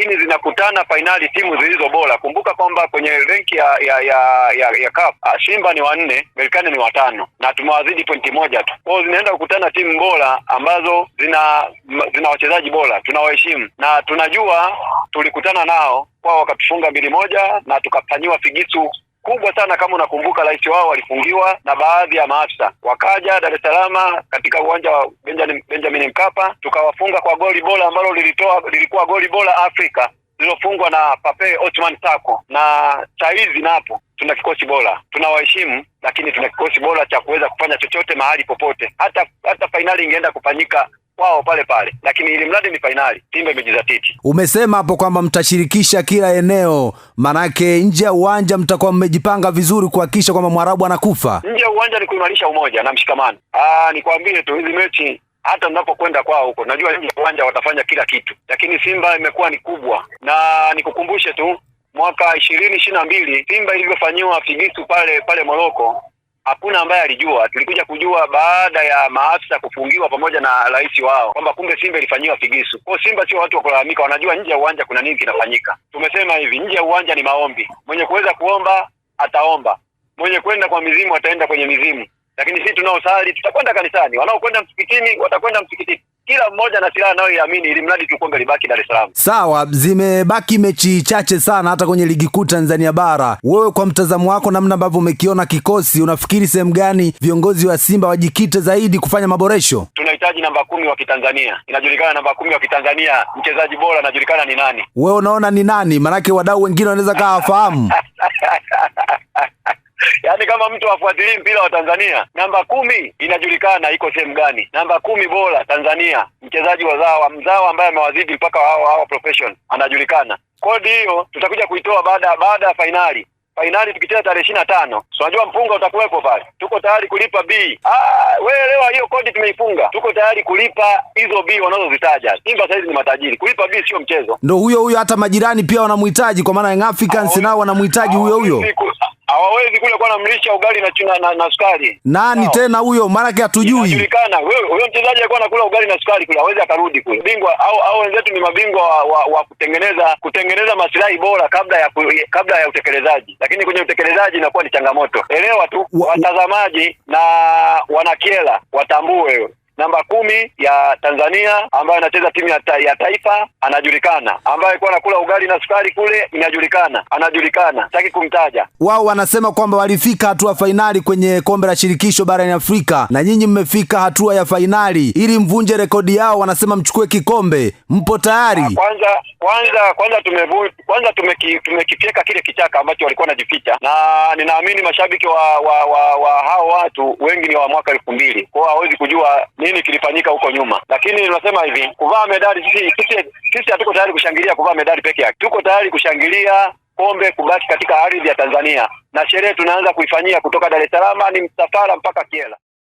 lakini zinakutana fainali timu zilizo bora. Kumbuka kwamba kwenye renki ya ya ya, ya, ya CAF ah, Simba ni wanne, Berkane ni watano na tumewazidi pointi moja tu. Kwao zinaenda kukutana timu bora ambazo zina zina wachezaji bora, tunawaheshimu na tunajua tulikutana nao kwao, wakatufunga mbili moja na tukafanyiwa figisu kubwa sana. Kama unakumbuka, rais wao walifungiwa na baadhi ya maafisa, wakaja Dar es Salaam katika uwanja wa Benjamin, Benjamin Mkapa, tukawafunga kwa goli bora ambalo lilitoa lilikuwa goli bora Afrika lililofungwa na Pape Othman Tako, na saizi napo tuna kikosi bora, tunawaheshimu lakini tuna kikosi bora cha kuweza kufanya chochote mahali popote. Hata hata fainali ingeenda kufanyika kwao pale pale, lakini ili mradi ni fainali, Simba imejizatiti. Umesema hapo kwamba mtashirikisha kila eneo, manake nje ya uwanja mtakuwa mmejipanga vizuri kuhakikisha kwamba mwarabu anakufa nje ya uwanja. Ni kuimarisha umoja na mshikamano. Ah, nikwambie tu hizi mechi hata mnapokwenda kwao huko, najua nje ya uwanja watafanya kila kitu, lakini Simba imekuwa ni kubwa, na nikukumbushe tu mwaka ishirini ishirini na mbili Simba ilivyofanyiwa figisu pale pale Moroko hakuna ambaye alijua. Tulikuja kujua baada ya maafisa kufungiwa pamoja na rais wao kwamba kumbe Simba ilifanyiwa figisu. Kwa Simba sio watu wa kulalamika, wanajua nje ya uwanja kuna nini kinafanyika. Tumesema hivi, nje ya uwanja ni maombi. Mwenye kuweza kuomba ataomba, mwenye kwenda kwa mizimu ataenda kwenye mizimu, lakini sisi tunaosali tutakwenda kanisani, wanaokwenda msikitini watakwenda msikitini kila mmoja na silaha anayoiamini, ili mradi tu kombe libaki Dar es Salaam. Sawa, zimebaki mechi chache sana hata kwenye ligi kuu Tanzania bara. Wewe kwa mtazamo wako, namna ambavyo umekiona kikosi, unafikiri sehemu gani viongozi wa Simba wajikite zaidi kufanya maboresho? Tunahitaji namba kumi wa Kitanzania, inajulikana namba kumi wa Kitanzania, mchezaji bora anajulikana ni nani. Wewe unaona ni nani? Maanake wadau wengine wanaweza kawa wafahamu kama mtu afuatilii mpira wa Tanzania, namba kumi inajulikana iko sehemu gani. Namba kumi bora Tanzania, mchezaji wa zawa mzawa ambaye amewazidi mpaka hao hao profession anajulikana. Kodi hiyo tutakuja kuitoa baada baada ya fainali fainali tukicheza tarehe ishirini na tano unajua mpunga utakuwepo pale, tuko tayari kulipa ah, wewe weelewa hiyo kodi tumeifunga, tuko tayari kulipa hizo b wanazozitaja. Simba saizi ni matajiri, kulipa b sio mchezo. Ndo huyo huyo, hata majirani pia wanamhitaji, kwa maana Young Africans ah, nao wanamhitaji huyo huyo hawawezi kule kuwa namlisha ugali na chuna na, na sukari. Nani no. tena huyo maanake hatujui. Inajulikana wewe huyo mchezaji alikuwa anakula ugali na sukari kule, hawezi akarudi kule. Bingwa au au wenzetu ni mabingwa wa, wa, wa kutengeneza kutengeneza masilahi bora kabla ya kabla ya utekelezaji, lakini kwenye utekelezaji inakuwa ni changamoto. Elewa tu watazamaji na wanakiela watambue namba kumi ya Tanzania ambayo anacheza timu ya, ta, ya taifa anajulikana, ambaye alikuwa anakula ugali na sukari kule inajulikana, anajulikana, sitaki kumtaja. Wao wanasema kwamba walifika hatua fainali kwenye kombe la shirikisho barani Afrika na nyinyi mmefika hatua ya fainali ili mvunje rekodi yao, wanasema mchukue kikombe. Mpo tayari? Ah, kwanza kwanza kwanza tumevu, kwanza tumeki, tumekifyeka kile kichaka ambacho walikuwa wanajificha, na ninaamini mashabiki wa, wa, wa, wa hao watu wengi ni wa mwaka elfu mbili kwao hawezi kujua ni nini kilifanyika huko nyuma, lakini tunasema hivi, kuvaa medali, sisi sisi sisi hatuko tayari kushangilia kuvaa medali peke yake, tuko tayari kushangilia kombe kubaki katika ardhi ya Tanzania, na sherehe tunaanza kuifanyia kutoka Dar es Salaam, ni msafara mpaka Kiela.